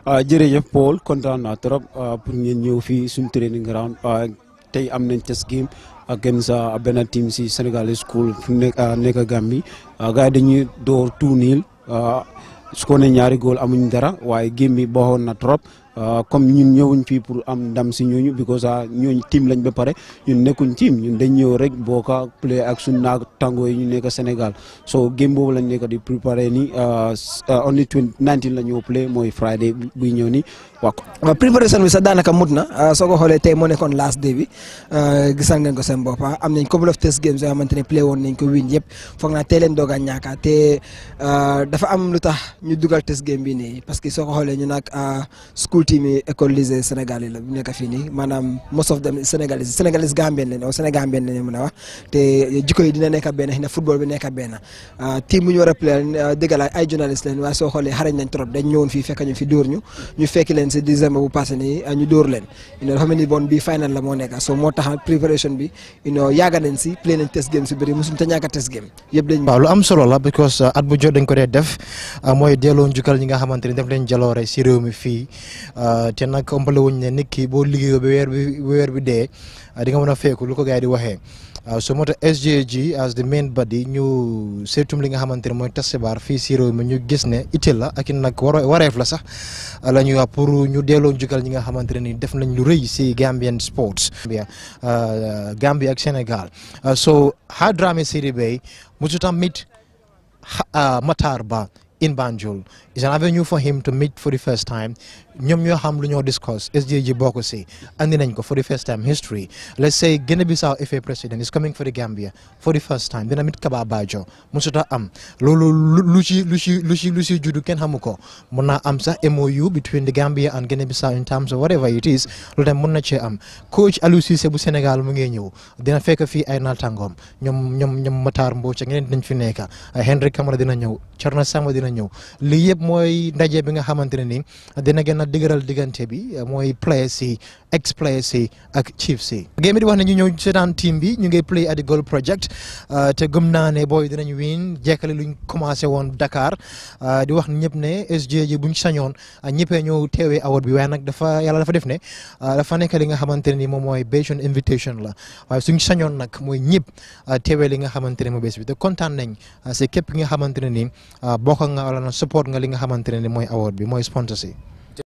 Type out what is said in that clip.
Ah, jërëjëf Paul kontaan naa trop ah, pour ngeen ñëw fii suñu training ground ah, tey am nañ test game against benn team si Sénégal school fu nekk nekk Gambie gars yi dañuy door 2-0 su ko ne ñaari góol amuñ dara waaye game bi baaxoon na trop. Euh, comme ñun ñëwuñ fii pour am ndam si ñooñu because ah, ñooñu team lañ ba pare ñun nekkuñ team ñun dañ ñëw rek boo ko play ak suñ naag tàngoo yi ñu nekk Sénégal so game boobu lañ nekk di préparé ni euh, euh, only 19 la ñu play mooy Friday buy ñëw ni waa ko. waaw préparation bi daanaka mut na soo ko xoolee tey moo nekkoon last day bi gisal ngeen ko seen bopp ah, am nañ couple of test games yoo xamante ne play woon nañ ko win yëpp foog naa tey leen doog a ñaaka ah, te dafa am lu tax ñu dugal test game bi nii parce que soo ko xoolee ñu nag school team école lycée Sénégal yi la bu nekk fii nii maanaam most of them Sénégalais Sénégalais Gambien lañ oo Sénégambien lañ mën a wax te jikko yi dina nekk benn xëy na football bi nekk benn ah, team bu ñu war a play ah, dëgg la ay journaliste lañ waaye soo xoolee xarañ nañ trop dañ ñëwoon fii fekk ñu fi dóor ñu ñu fekki leen si décembre bu passé nii ah, ñu dóor leen you know dafa mel ni bon bi final la moo nekk so moo tax préparation bi you know yaaga nañ si play nañ test game si bëri mosuñ te ñàkk a test game yëpp dañ waaw lu am solo la because at bu jot dañ ko dee def mooy delloo njukkal ñi nga xamante ni def leen jaloore si réew mi fii Euh, te nag ëmpale wuñ ne nit ki boo liggéeyoo ba weer bi weer bi dee euh, di nga mën a feeku lu ko gars yi di waxee euh, so moo tax SJG as the main body ñu seetum li nga xamante ne mooy tas xibaar fii si réew mi ñu gis ne itteel la ak it nag wareef la sax la ñuy wax pour ñu delloo njukkal ñi nga xamante ne ni def nañ lu rëy si Gambian sports. Gambia ak Sénégal so Hadrami Sidibe Musuta meet Matarba in Banjul. It's an avenue for him to meet for the first time ñoom ñoo xam lu ñoo discuss SJJ bokk si andi nañ ko for the first time history let's say Guinea-Bissau FA president is coming for the Gambia for the first time dina mit Kaba Bajo musuta am loolu lu ci lu ci lu ci lu ci juddu kenn xamu ko mun naa am sax MOU between the Gambia and Guinea-Bissau in terms of whatever it is loolu tamit mun na cee am coach Aliou Cissé bu Sénégal mu ngi ñëw dina fekk fii ay naataangoom ñoom ñoom ñoom Matar Mbouch ak ñeneen dinañ fi nekk Henry bi nga xamante ne ni dëgëral diggante bi eh, mooy players si ex si ak Chiefs yi. game bi di wax ne ñu ñëw seetaan team bi ñu ngi play at the goal project eh, te gëm naa ne booy dinañ win jekkale luñ commencé woon Dakar eh, di wax ñëpp ne SG ji buñ sañoon ñëppee ñëw teewee award bi waaye nag dafa yàlla dafa def ne dafa nekk li nga xamante ni moom mooy based on invitation la waaye suñ sañoon nag mooy ñëpp teewee li nga xamante ne mooy bés bi te kontaan nañ si képp ki nga xamante ne ni bokk nga wala na li nga xamante ne mooy award bi mooy sponsor si